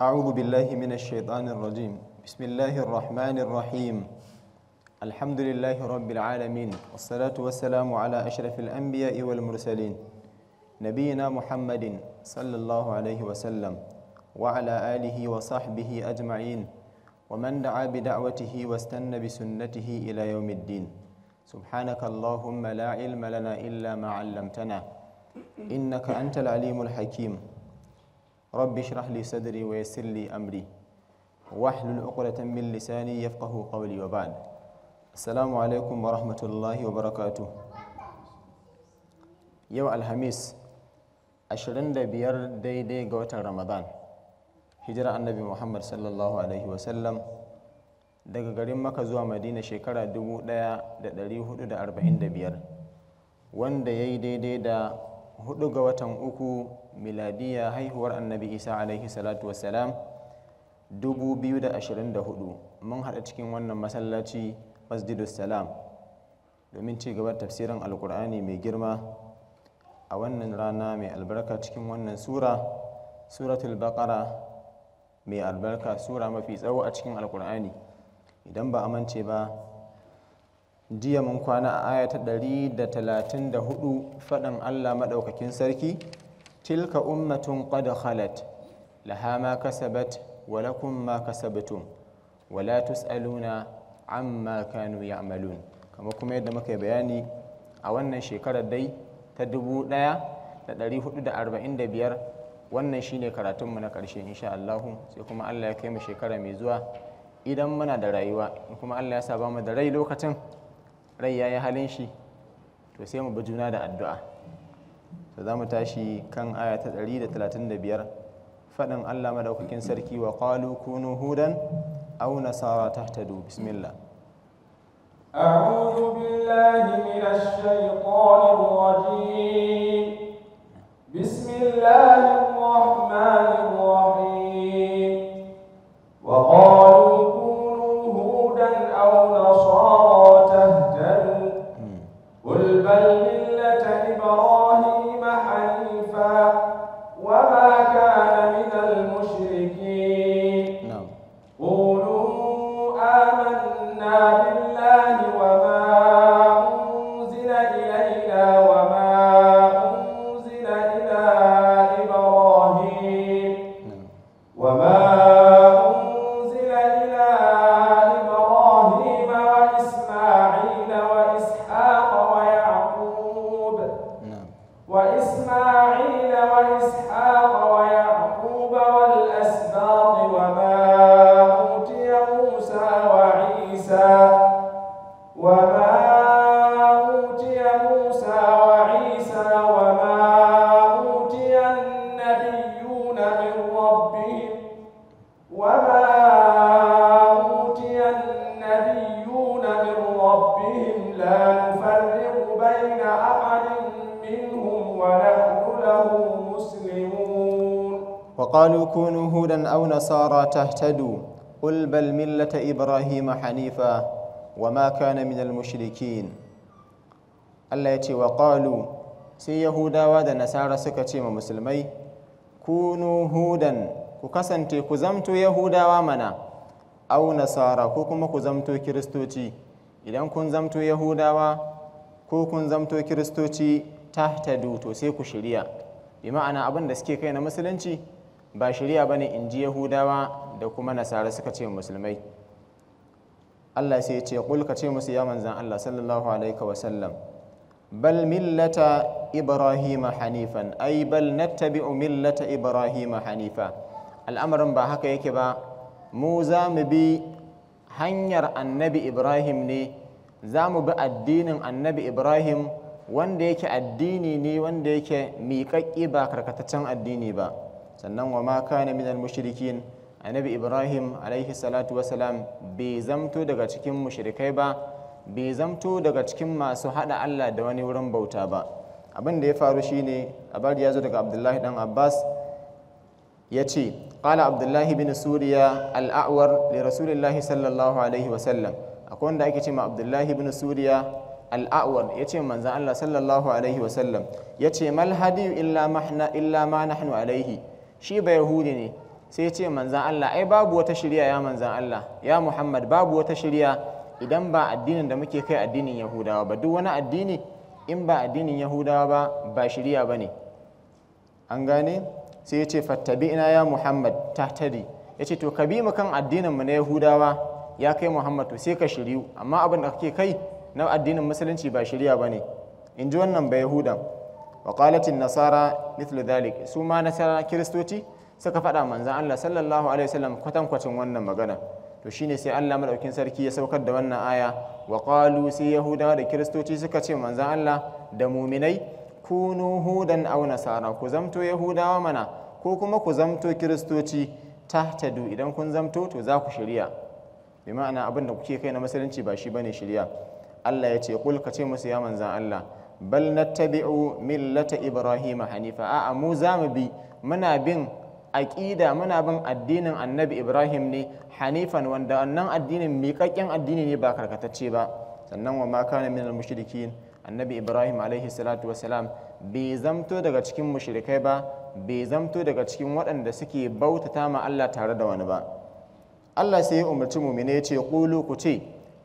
أعوذ بالله من الشيطان الرجيم بسم الله الرحمن الرحيم الحمد لله رب العالمين والصلاة والسلام على أشرف الأنبياء والمرسلين نبينا محمد صلى الله عليه وسلم وعلى آله وصحبه أجمعين ومن دعا بدعوته واستنى بسنته إلى يوم الدين سبحانك اللهم لا علم لنا إلا ما علمتنا إنك أنت العليم الحكيم rabbi shrah li sadri wa yassir li amri wahlul uqdatan min lisani yafqahu qawli wa ba'd assalamu alaikum wa rahmatullahi wa barakatuh yau alhamis 25 daidai ga watan ramadan hijira annabi muhammad sallallahu daga garin maka zuwa madina shekara 1445 wanda ya yi daidai da 4 ga watan uku miladiya haihuwar annabi isa alaihi salatu wasalam 2024 mun haɗa cikin wannan masallaci masjidus salam domin ci gaba tafsirin alkur'ani mai girma a wannan rana mai albarka cikin wannan sura suratul baqara mai albarka sura mafi tsawo a cikin alkur'ani idan ba amince ba jiya mun kwana a aya ta 134 faɗin allah maɗaukakin sarki tilka ummatun qad khalat laha ma kasabat wa lakum ma kasabtum wa la tusaluna amma kanu ya'malun kamar kuma yadda muka yi bayani a wannan shekarar dai ta 1445 wannan shine karatunmu na ƙarshe insha Allah sai kuma Allah ya kai mu shekara mai zuwa idan muna da rayuwa kuma Allah ya sa ba mu da rai lokacin rai yayi halin shi to sai mu bi juna da addu'a to za mu tashi kan aya ta 135 faɗin Allah madaukakin sarki wa qalu kunu hudan aw nasara tahtadu bismillah أعوذ بالله من الشيطان الرجيم بسم الله الرحمن الرحيم قالوا كونوا هودا أو نصارى تهتدوا قل بل ملة إبراهيم حنيفا وما كان من المشركين Allah ya ce wa sai Yahudawa da Nasara suka ce ma musulmai kunu hudan ku kasance ku zamto Yahudawa mana au Nasara ko kuma ku zamto Kiristoci idan kun zamto Yahudawa ko kun zamto Kiristoci tahtadu to sai ku shirya bi ma'ana abin da suke kai na musulunci ba shari'a ba ne in ji yahudawa da kuma nasara suka ce musulmai allah sai ce kulka ce musu ya manzan allah sallallahu alaihi wasallam bal millata ibrahima hanifan ai bal nattabi'u millata ibrahima hanifa al'amarin ba haka yake ba mu za mu bi hanyar annabi ibrahim ne za mu bi addinin annabi ibrahim wanda yake addini ne wanda yake miƙaƙƙi ba karkataccen addini ba sannan wa ma kana minal mushrikin annabi ibrahim alaihi salatu wasalam bai zamto daga cikin mushrikai ba bai zamto daga cikin masu hada allah da wani wurin bauta ba abin da ya faru shine abadi ya zo daga abdullahi dan abbas ya ce qala abdullahi bin suriya al'awar li rasulillahi sallallahu alaihi wasallam akwai wanda ake ce ma abdullahi bin suriya al'awar ya ce manzan allah sallallahu alaihi wasallam ya ce mal hadiyu illa ma nahnu alaihi shi ba yahudi ne sai ce manzan Allah ai babu wata shirya ya manzan Allah ya Muhammad babu wata shirya idan ba addinin da muke kai addinin Yahudawa ba duk wani addini in ba addinin Yahudawa ba ba shirya ba ne an gane sai ya fattabi ina ya Muhammad tahtari. ya ce to ka bi mu kan addinin mu na Yahudawa ya kai Muhammad to sai ka shiryu amma abin da kake kai na addinin musulunci ba shirya ba ne in ji wannan ba Yahudan waƙalatin nasara mithlu dhalik su ma nasara kiristoci suka faɗa manzon Allah sallallahu alaihi wasallam kwatankwacin wannan magana to shine sai Allah maɗaukin sarki ya saukar da wannan aya waƙalu sai yahudawa da kiristoci suka ce manzon Allah da muminai kunu hudan au nasara ku zamto yahudawa mana ko kuma ku zamto kiristoci tahtadu idan kun zamto to za ku shirya bi ma'ana abin da kuke kai na musulunci ba shi bane shirya Allah ya ce kul ka ce musu ya manzan Allah bal na tabi'u millata ibrahim hanifa a'a mu zamu bi muna bin aƙida muna bin addinin annabi ibrahim ne hanifan wanda wannan addinin miƙaƙƙen addini ne ba karkatacce ba sannan wa ma kana al mushrikin annabi ibrahim alaihi salatu wasalam bai zamto daga cikin mushrikai ba bai zamto daga cikin waɗanda suke bautata ma allah tare da wani ba allah sai ya umarci mumine ya ce qulu ku ce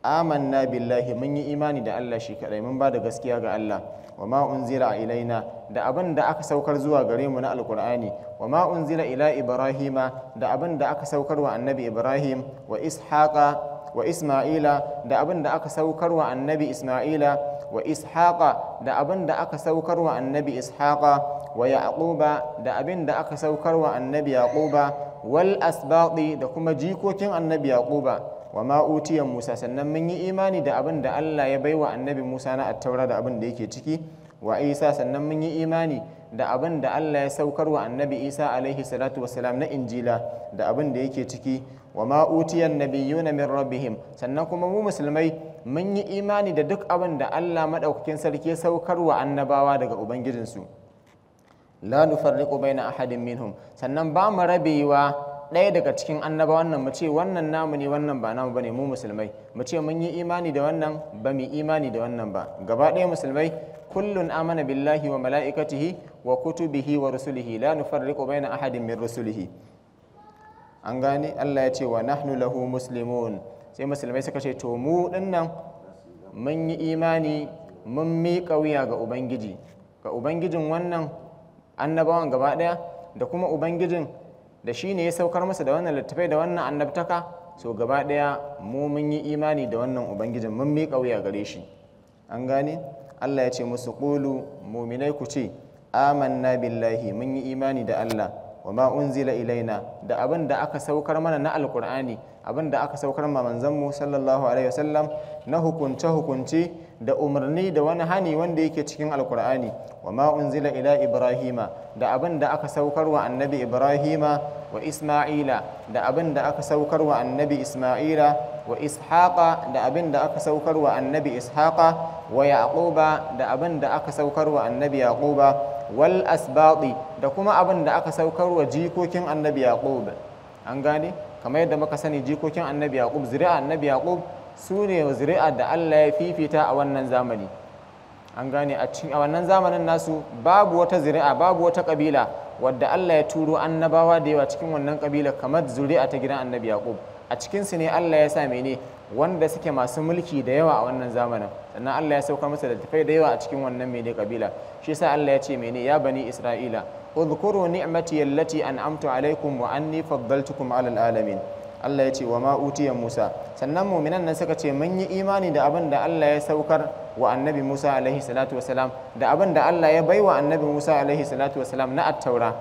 amanna billahi mun yi imani da Allah shi kadai mun ba da gaskiya ga Allah wa ma unzira ilaina da abin da aka saukar zuwa gare mu na alkur'ani wa ma unzira ila ibrahima da abin da aka saukar wa annabi ibrahim wa ishaqa wa isma'ila da abin da aka saukar wa annabi isma'ila wa ishaqa da abin da aka saukar wa annabi ishaqa wa yaquba da abin da aka saukar wa annabi yaquba wal asbaqi da kuma jikokin annabi yaquba wa ma utiya Musa sannan mun yi imani da abin da Allah ya baiwa annabi Musa na attaura da abin da yake ciki wa Isa sannan mun yi imani da abin da Allah ya saukar wa annabi Isa alaihi salatu wassalam na injila da abin da yake ciki wa ma utiyan nabiyuna min rabbihim sannan kuma mu musulmai mun yi imani da duk abin da Allah madaukakin sarki ya saukar wa annabawa daga ubangijinsu la nufarriqu baina ahadin minhum sannan ba mu rabewa ɗaya daga cikin annaba wannan mu ce wannan namu ne wannan ba namu bane mu musulmai mu ce mun yi imani da wannan ba mu imani da wannan ba gaba ɗaya musulmai kullun amana billahi wa mala'ikatihi wa kutubihi wa rusulihi la nufarriqu baina ahadin min rusulihi an gane Allah ya ce wa nahnu lahu muslimun sai musulmai suka ce to mu dinnan mun yi imani mun miƙa wuya ga ubangiji ga ubangijin wannan annabawan gaba ɗaya da kuma ubangijin da shi ne ya saukar masa da wannan littafai da wannan annabtaka so gaba ɗaya mu mun yi imani da wannan ubangijin mun miƙa wuya gare shi an gane allah ya ce musu ƙulu muminai ku ce amanna billahi mun yi imani da allah wa ma unzila ilaina da abin da aka saukar mana na alkur'ani abin da aka saukar ma manzon mu sallallahu alaihi wasallam na hukunce hukunce da umarni da wani hani wanda yake cikin alkur'ani wa ma'unzila unzila ila ibrahima da abin da aka saukar wa annabi ibrahima wa isma'ila da abin da aka saukar wa annabi isma'ila wa ishaqa da abin da aka saukar wa annabi ishaqa wa yaquba da abin da aka saukar wa annabi yaquba wal asbati da kuma abin da aka saukar wa jikokin annabi yaqub an gane kamar yadda muka sani jikokin annabi yaqub zuri'a annabi yaqub su ne zuri'ar da Allah ya fifita a wannan zamani an gane a cikin wannan zamanin nasu babu wata zuri'a babu wata kabila wadda Allah ya turo annabawa da yawa cikin wannan kabila kamar zuri'a ta gidan annabi Yaqub a cikin su ne Allah ya sa mene wanda suke masu mulki da yawa a wannan zamanin sannan Allah ya sauka masa da tafai da yawa a cikin wannan mene kabila shi yasa Allah ya ce mene ya bani Isra'ila udhkuru ni'mati allati an'amtu alaikum wa anni faddaltukum 'alal alamin Allah ya ce wa ma'utiyan Musa sannan muminan nan suka ce mun yi imani da abin da Allah ya saukar wa annabi Musa alaihi salatu wasalam da abin da Allah ya bai wa annabi Musa alaihi salatu wasalam na attaura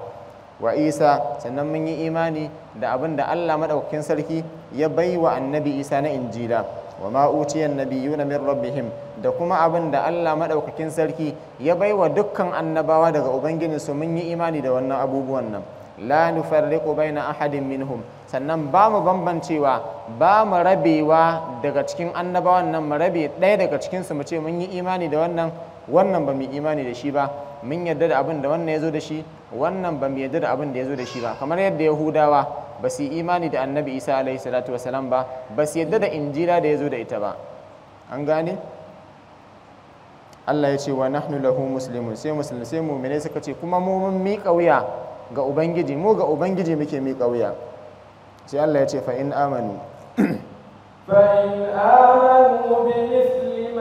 wa Isa sannan mun yi imani da abin da Allah madaukakin sarki ya bai wa annabi Isa na injila wa ma utiya nabiyuna min rabbihim da kuma abin da Allah madaukakin sarki ya bai wa dukkan annabawa daga ubangijinsu mun yi imani da wannan abubuwan nan la nufarriqu baina ahadin minhum sannan ba mu bambancewa ba mu rabewa daga cikin annabawan nan mu rabe ɗaya daga cikin su mu ce mun yi imani da wannan wannan ba mu imani da shi ba mun yarda da abin da wannan ya zo da shi wannan ba mu yarda da abin da ya zo da shi ba kamar yadda yahudawa ba su yi imani da annabi isa alaihi salatu wasalam ba ba su yarda da injila da ya zo da ita ba an gane Allah ya ce wa nahnu lahu muslimun sai muslimin sai mu'mine suka ce kuma mu mun miƙa wuya ga ubangiji mu ga ubangiji muke miƙa wuya sai Allah ya ce fa in amanu fa in amanu bi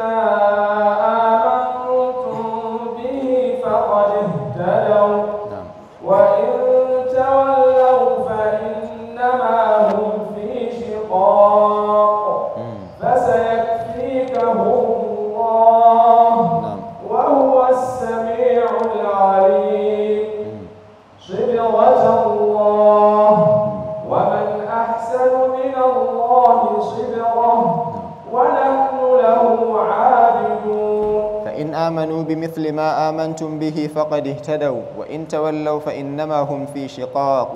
بمثل ما آمنتم به فقد اهتدوا وإن تولوا فإنما هم في شقاق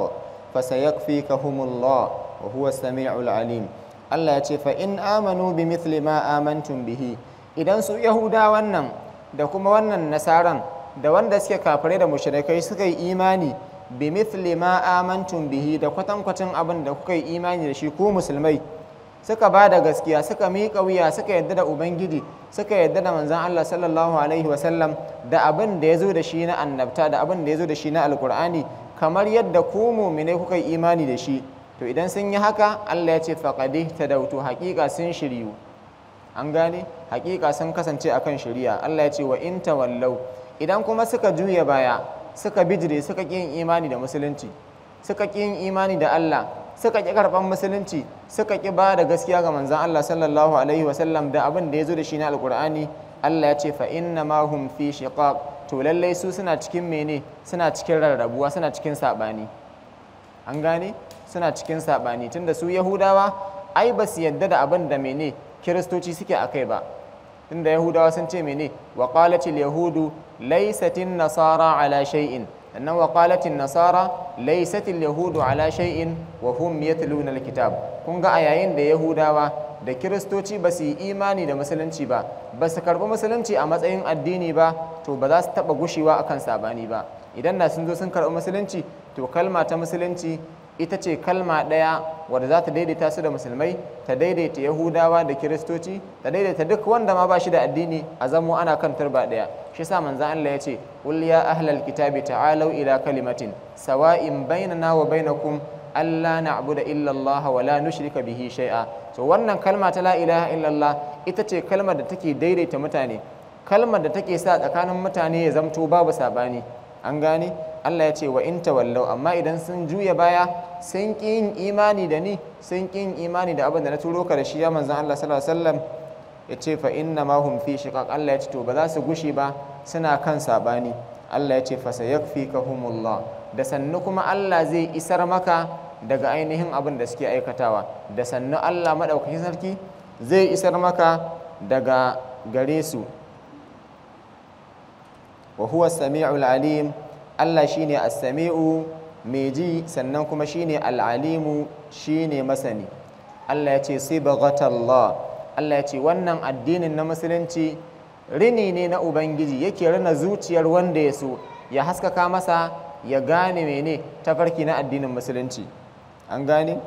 فسيكفيكهم الله وهو السميع العليم Allah ya ce fa in amanu bi mithli ma bihi idan su yahuda wannan da kuma wannan nasaran da wanda suke kafare da mushrikai suka yi imani bi mithli ma amantum bihi da kwatankwacin abin da kuka yi imani da shi ku musulmai suka ba da gaskiya suka miƙa wuya suka yadda da ubangiji suka yadda da manzan Allah sallallahu alaihi wasallam da abin da ya zo da shi na annabta da abin da ya zo da shi na alkur'ani kamar yadda ku muminai kuka yi imani da shi to idan sun yi haka Allah ya ce ta dautu haƙiƙa sun shiryu an gane haƙiƙa sun kasance akan shirya Allah ya ce wa in tawallau idan kuma suka juya baya suka bijire suka ƙin imani da musulunci suka imani da Allah suka ƙi karɓar musulunci suka ƙi ba da gaskiya ga manzan Allah sallallahu alaihi wasallam da abin da ya zo da shi na alƙur'ani Allah ya ce fa inna ma hum fi shiqaq to lallai su suna cikin mene suna cikin rarrabuwa suna cikin saɓani an gane suna cikin saɓani tunda su yahudawa ai ba su yadda da abin da mene kiristoci suke a kai ba tunda yahudawa sun ce mene wa qalatil yahudu laysatin nasara ala shay'in sannan wa qalatin nasara laysat yahudu ala shay'in wa hum yatluna alkitab kun ga a yayin da yahudawa da kiristoci ba su yi imani da musulunci ba ba su karbi musulunci a matsayin addini ba to ba za su taba gushewa akan sabani ba idan na sun zo sun karbi musulunci to kalma ta musulunci ita ce kalma ɗaya wadda za ta daidaita su da musulmai ta daidaita yahudawa da kiristoci ta daidaita duk wanda ma ba shi da addini a zamo ana kan turba ɗaya shi sa manzan Allah ya ce qul ya ahlal kitabi ta'alau ila kalimatin sawa'in bainana wa bainakum alla na'budu illa Allah wa la nushrika bihi shai'a. to wannan kalma ta la illallah ita ce kalmar da take daidaita mutane kalmar da take sa tsakanin mutane ya zamto babu sabani an gane Allah ya ce wa in tawallau amma idan sun juya baya sun ƙi yin imani da ni sun ƙi yin imani da abin da na turo ka da shi ya manzan Allah sallallahu alaihi wasallam ya ce fa inna ma hum fi shiqaq Allah ya ce to ba za su gushi ba suna kan sabani Allah ya ce fa sayakfikahumullah da sannu kuma Allah zai isar maka daga ainihin abin da suke aikatawa da sannu Allah madaukakin sarki zai isar maka daga gare su wa huwa sami'ul alim Allah shine as-sami'u mai ji sannan kuma shine al-alimu shine masani Allah ya ce sibghatallah Allah ya ce wannan addinin na musulunci rini ne na ubangiji yake rina zuciyar wanda ya so ya haskaka masa ya gane mene tafarki na addinin musulunci an gane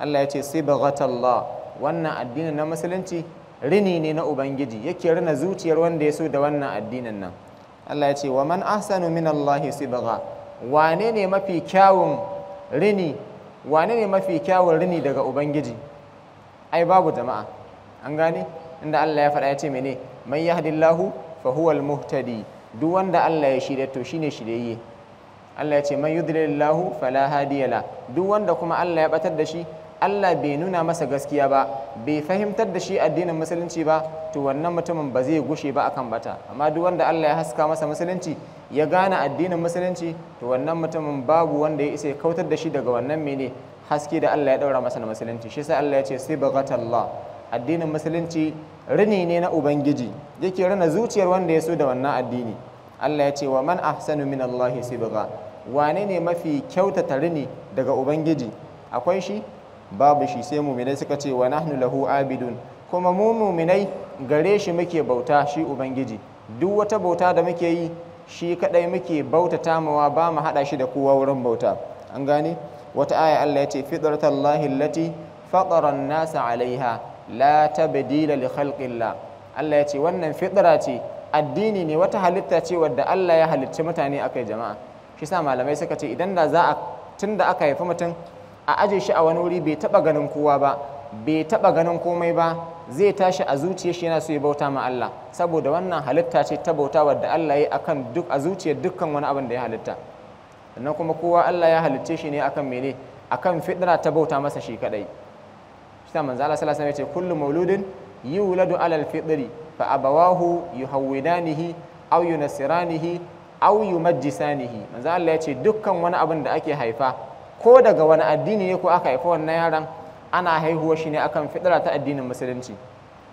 Allah ya ce sibghatallah wannan addinin na musulunci rini ne na ubangiji yake rina zuciyar wanda ya so da wannan addinin nan Allah ya ce wa man ahsanu min Allah sibgha wane ne mafi kyawun rini wane ne mafi kyawun rini daga ubangiji ai babu jama'a an gane inda Allah ya faɗa ya ce mene man yahdillahu fa huwa muhtadi duk wanda Allah ya shirya to shine shiryayye Allah ya ce man yudlilillahu fala hadiya duk wanda kuma Allah ya batar da shi Allah bai nuna masa gaskiya ba bai fahimtar da shi addinin musulunci ba to wannan mutumin ba zai gushe ba akan bata amma duk wanda Allah ya haska masa musulunci ya gane addinin musulunci to wannan mutumin babu wanda ya isa ya kautar da shi daga wannan mene haske da Allah ya daura masa na musulunci shi sai Allah ya ce sibghatallah addinin musulunci rini ne na ubangiji yake rana zuciyar wanda ya so da wannan addini Allah ya ce wa man ahsanu min Allah sibgha wane ne mafi kyautata rini daga ubangiji akwai shi babu shi sai muminai suka ce wa nahnu lahu abidun kuma mu muminai gare shi muke bauta shi ubangiji duk wata bauta da muke yi shi kadai muke bauta tamawa ba mu hada shi da kowa wurin bauta an gane wata aya Allah ya ce fitratallahi allati fatara nasa alaiha la tabdila li khalqillah Allah ya ce wannan fitra ce addini ne wata halitta ce wadda Allah ya halicci mutane akai jama'a shi sa malamai suka ce idan da za a tunda aka haifi mutum a aje shi a wani wuri bai taɓa ganin kowa ba bai taɓa ganin komai ba zai tashi a zuciyar shi yana so ya bauta ma Allah saboda wannan halitta ce ta bauta wadda Allah ya akan duk a zuciyar dukkan wani abin da ya halitta sannan kuma kowa Allah ya halicce shi ne akan mene akan fidra ta bauta masa shi kadai shi ta manzo Allah sallallahu alaihi wasallam ya ce kullu mauludin yuladu alal fitri fa abawahu yuhawwidanihi aw yunasiranihi aw yumajjisanihi manzo Allah ya ce dukkan wani abin da ake haifa ko daga wani addini ne ko aka haifa wannan yaran ana haihuwa shi ne akan fidira ta addinin musulunci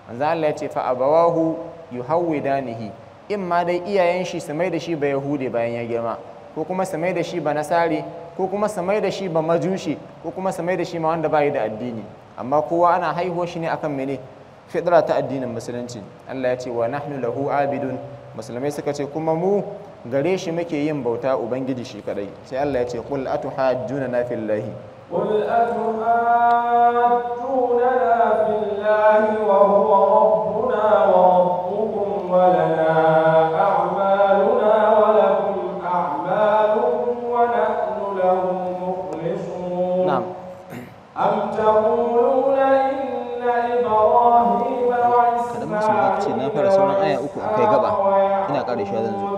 manzo Allah ya ce fa abawahu yuhawidanihi in ma dai iyayen shi su mai da shi ba yahude bayan ya girma ko kuma su mai da shi ba nasari ko kuma su mai da shi ba majushi ko kuma su mai da shi ma wanda bai da addini amma kowa ana haihuwa shi ne akan mene fidira ta addinin musulunci Allah ya ce wa nahnu lahu abidun musulmai suka ce kuma mu gare shi muke yin bauta ubangiji shi kadai sai Allah ya ce qul atuhajjuna na fillahi qul atuhajjuna na fillahi wa huwa rabbuna wa rabbukum wa lana 确认。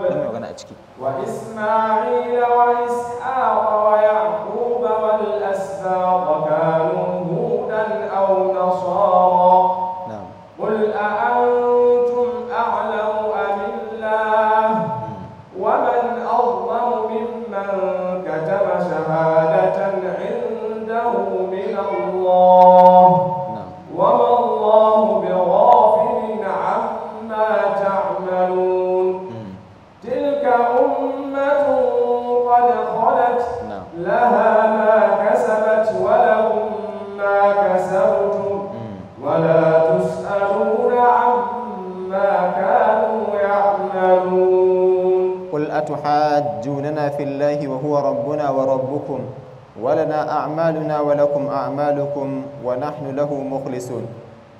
muflisun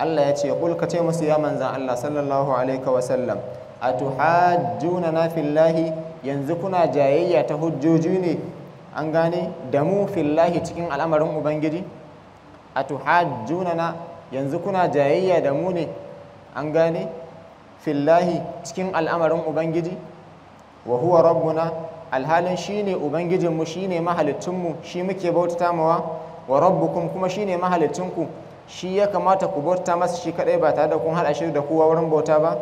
Allah ya ce kul ka ce musu ya manzan Allah sallallahu alaihi wa sallam atuhajjuna na fillahi yanzu kuna jayayya ta hujjoji ne an gane da fillahi cikin al'amarin ubangiji atuhajjuna na yanzu kuna jayayya da ne an gane fillahi cikin al'amarin ubangiji wa huwa rabbuna alhalin shine ubangijinmu shine mahalicinmu shi muke bautata mawa wa kuma shine mahalicinku shi ya kamata ku bauta masa shi kadai ba tare da kun haɗa shi da kowa wurin bauta ba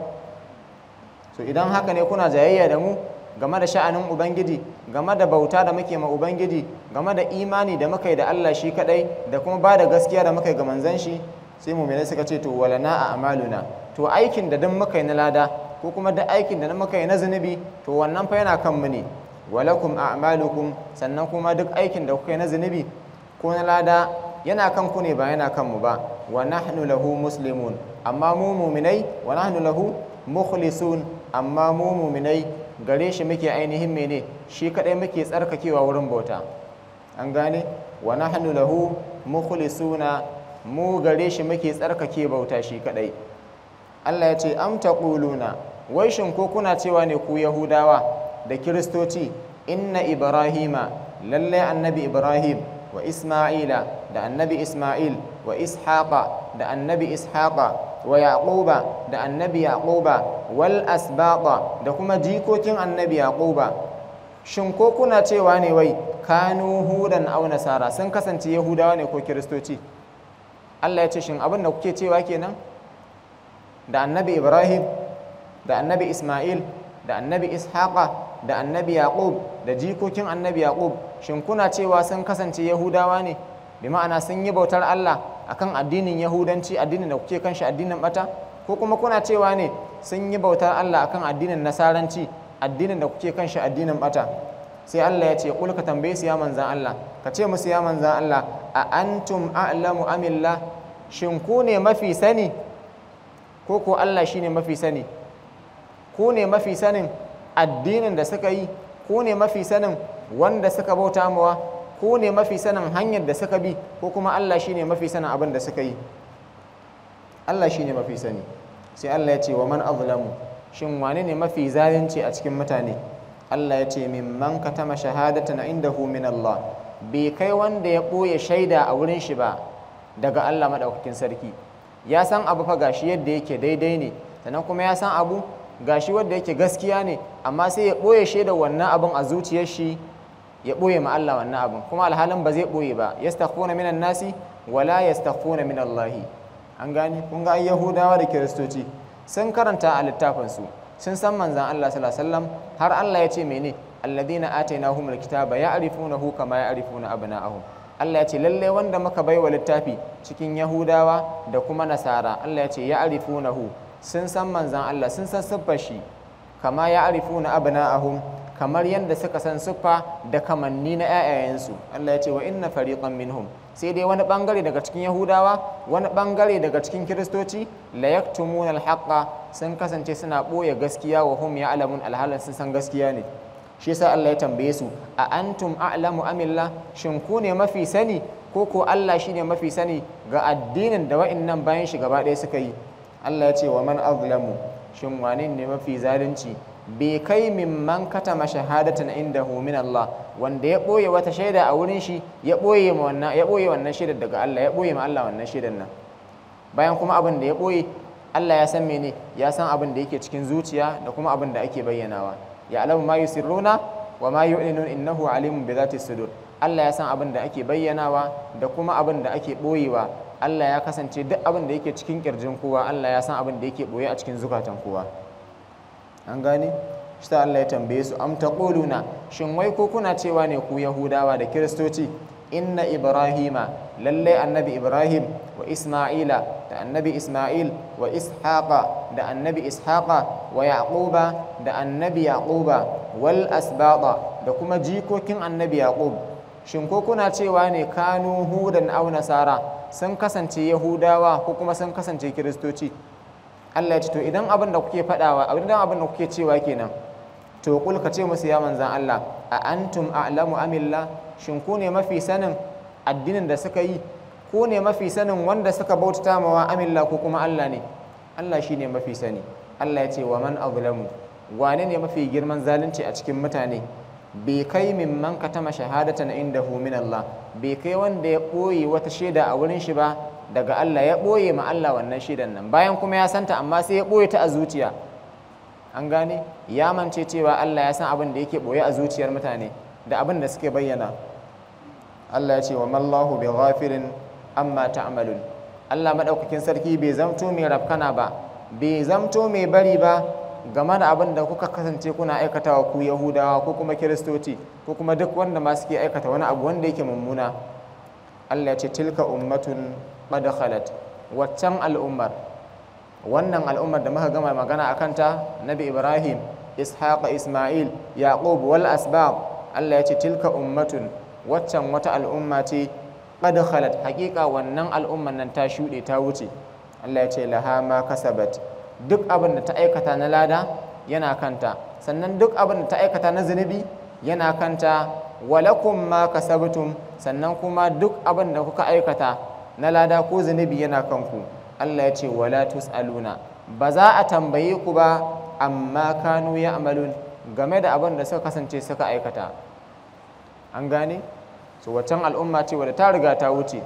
so idan haka ne kuna jayayya da mu game da sha'anin ubangiji game da bauta da muke ma ubangiji game da imani da muka yi da Allah shi kadai da kuma ba da gaskiya da muka yi ga manzon shi sai mu suka ce to walana a amaluna to aikin da duk muka yi na lada ko kuma da aikin da muka yi na zunubi to wannan fa yana kan mu ne walakum a'malukum sannan kuma duk aikin da kuka yi na zunubi ko na lada yana kan ku ne ba yana kan mu ba wa nahnu lahu muslimun amma mu muminai wa nahnu lahu mukhlisun amma mu muminai gare shi muke ainihin mene shi kadai muke tsarkakewa wurin bauta an gane wa nahnu lahu mukhlisuna mu gare shi muke tsarkake bauta shi kadai Allah ya ce am taquluna wai shin ko kuna cewa ne ku yahudawa da kiristoci inna ibrahima lalle annabi ibrahim wa Isma'ila da annabi Isma'il wa Ishaqa da annabi Ishaqa wa Yaquba da annabi Yaquba wal asbaqa da kuma jikokin annabi Yaquba shin ko kuna cewa ne wai kanu hudan aw nasara sun kasance yahudawa ne ko kiristoci Allah ya ce shin abin da kuke cewa kenan da annabi Ibrahim da annabi Isma'il da annabi Ishaqa da annabi yaqub da jikokin annabi yaqub shin kuna cewa sun kasance yahudawa ne bi ma'ana sun yi bautar allah akan addinin yahudanci addinin da kuke kanshi addinin bata ko kuma kuna cewa ne sun yi bautar allah akan addinin nasaranci addinin da kuke kanshi addinin bata sai allah ya ce kul ka tambaye su ya manzan allah ka ce musu ya manzan allah a antum a'lamu amillah shin ku ne mafi sani ko ko allah shine mafi sani ku ne mafi sanin addinin da suka yi ko ne mafi sanin wanda suka bauta mawa ko ne mafi sanin hanyar da suka bi ko kuma Allah shine mafi sanin abin da suka yi Allah shine mafi sani sai Allah ya ce wa man azlamu shin wane ne mafi zalunci a cikin mutane Allah ya ce mimman katama shahadatan indahu min Allah bai kai wanda ya ɓoye shaida a wurin shi ba daga Allah madaukakin sarki ya san abu fa gashi yadda yake daidai ne sannan kuma ya san abu gashi wanda yake gaskiya ne amma sai ya ɓoye da wannan abin a zuciyar shi ya ɓoye ma Allah wannan abin kuma alhalin ba zai ɓoye ba yastaghfuna minan nasi wala yastaghfuna min Allah an gane kun ga Yahudawa da Kiristoci sun karanta a littafin su sun san manzan Allah sallallahu alaihi wasallam har Allah ya ce mene alladhina atainahumul kitaba ya'rifunahu kama ya'rifuna abna'ahum Allah ya ce lalle wanda muka baiwa littafi cikin Yahudawa da kuma Nasara Allah ya ce ya'rifunahu sun san manzan Allah sun san siffar shi kama ya arifu na abna'ahum kamar yadda suka san siffa da kamanni na 'ya'yayensu Allah ya ce wa inna fariqan minhum sai dai wani bangare daga cikin yahudawa wani bangare daga cikin kiristoci la yaktumuna alhaqa sun kasance suna ɓoye gaskiya wa hum ya alamun alhalan sun san gaskiya ne shi yasa Allah ya tambaye su a antum a'lamu amillah shin ku ne mafi sani ko ko Allah shine mafi sani ga addinin da wa'annan bayan shi gaba ɗaya suka yi Allah ya ce wa man azlamu shin wani ne mafi zalunci bai kai min man katama shahadatan indahu min Allah wanda ya boye wata shaida a wurin shi ya boye wannan ya boye wannan shaidar daga Allah ya boye ma Allah wannan shaidar nan bayan kuma abin da ya boye Allah ya san mene ya san abin da yake cikin zuciya da kuma abin da ake bayyanawa ya alamu ma yusirruna wa ma yu'linun innahu alimun bi zati sudur Allah ya san abin da ake bayyanawa da kuma abin da ake boyewa Allah ya kasance duk abin da yake cikin kirjin kowa Allah ya san abin da yake boye a cikin zukatan kowa an gane shi ta Allah ya tambaye su am taquluna shin wai ko kuna cewa ne ku yahudawa da kiristoci inna ibrahima lalle annabi ibrahim wa isma'ila da annabi isma'il wa ishaqa da annabi ishaqa wa yaquba da annabi yaquba wal Asbaba da kuma jikokin annabi yaqub shin ko kuna cewa ne kanu hudan aw nasara sun kasance yahudawa ko kuma sun kasance kiristoci Allah ya ce to idan abin da kuke faɗawa idan abin da kuke cewa kenan to kul ka ce musu ya manzan Allah a antum a'lamu amilla shin ku ne mafi sanin addinin da suka yi ku ne mafi sanin wanda suka bautata mawa amilla ko kuma Allah ne Allah shi ne mafi sani Allah ya ce wa man azlamu wane ne mafi girman zalunci a cikin mutane bai kai min man tama shahadatan hu min Allah bai kai wanda ya ɓoye wata shaida a wurin shi ba daga Allah ya ɓoye ma Allah wannan shaidan nan bayan kuma ya santa amma sai ya ɓoye ta a zuciya an gane ya mance cewa Allah ya san abin da yake ɓoye a zuciyar mutane da abin da suke bayyana Allah ya ce wa mallahu bi ghafirin amma ta'malun Allah madaukakin sarki bai zamto mai rafkana ba bai zamto mai bari ba game da abin da kuka kasance kuna aikatawa ku yahudawa ko kuma kiristoci ko kuma duk wanda ma suke aikata wani abu wanda yake mummuna allah ya ce tilka ummatun qad waccan al'ummar wannan al'ummar da muka gama magana akan ta nabi ibrahim ishaqa isma'il yaqub wal asbab allah ya ce tilka ummatun waccan wata al'umma ce qad khalat wannan al'ummar nan ta shuɗe ta wuce allah ya ce laha ma kasabat duk abin da ta aikata na lada yana kanta sannan duk abin da ta aikata na zunubi yana kanta walakum ma kasabtum sannan kuma duk abin da kuka aikata na lada ko zunubi yana kanku Allah ya ce wala tusaluna ba za a tambaye ku ba amma kanu ya amalun game da abin da suka kasance suka aikata an gane so wacan al'umma ce wadda ta riga ta wuce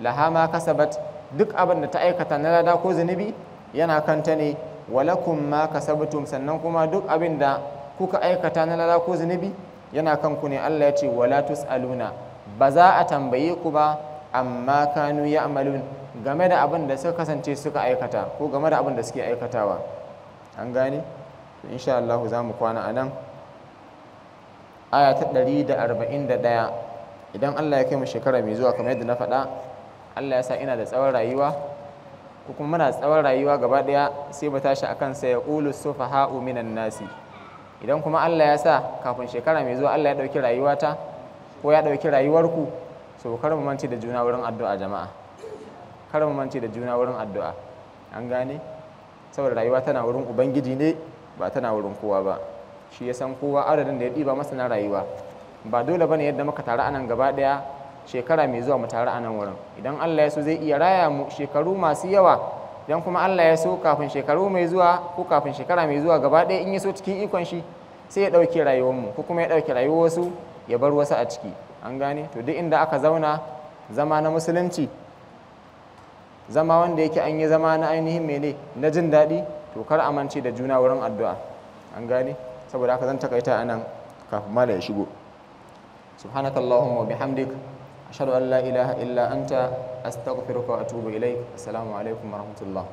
lahama ma kasabat duk abin da ta aikata na lada ko zunubi yana kanta ne walakum ma kasabtum sannan kuma duk abin da kuka aikata na lala ko zunubi yana kanku ne Allah ya ce wala tusaluna ba za a tambaye ku ba amma kanu ya'malun game da abin da suka kasance suka aikata ko game da abin da suke aikatawa an gane insha Allah za mu kwana anan aya ta 141 idan Allah ya kai mu shekara mai zuwa kamar yadda na faɗa Allah ya sa ina da tsawon rayuwa ko kuma muna tsawon rayuwa gaba daya sai mu tashi akan sa ya qulu sufaha'u minan nasi idan kuma Allah ya sa kafin shekara mai zuwa Allah ya dauki rayuwata ko ya dauki rayuwarku so kar mu manci da juna wurin addu'a jama'a kar mu manci da juna wurin addu'a an gane saboda rayuwa tana wurin ubangiji ne ba tana wurin kowa ba shi ya san kowa adadin da ya ɗiba masa na rayuwa ba dole bane yadda muka taru anan gaba daya shekara mai zuwa mu tare a nan wurin idan Allah ya so zai iya raya mu shekaru masu yawa idan kuma Allah ya so kafin shekaru mai zuwa ko kafin shekara mai zuwa gaba ɗaya in ya so cikin ikon shi sai ya ɗauki rayuwar mu ko kuma ya ɗauki rayuwar wasu ya bar wasu a ciki an gane to duk inda aka zauna zama na musulunci zama wanda yake an yi zama na ainihin mene na jin daɗi to kar amince da juna wurin addu'a an gane saboda haka zan takaita anan kafin mala ya shigo subhanakallahumma wa bihamdika ashhadu an la ilaha illa anta astaghfiruka wa atubu ilaik assalamu alaikum wa rahmatullah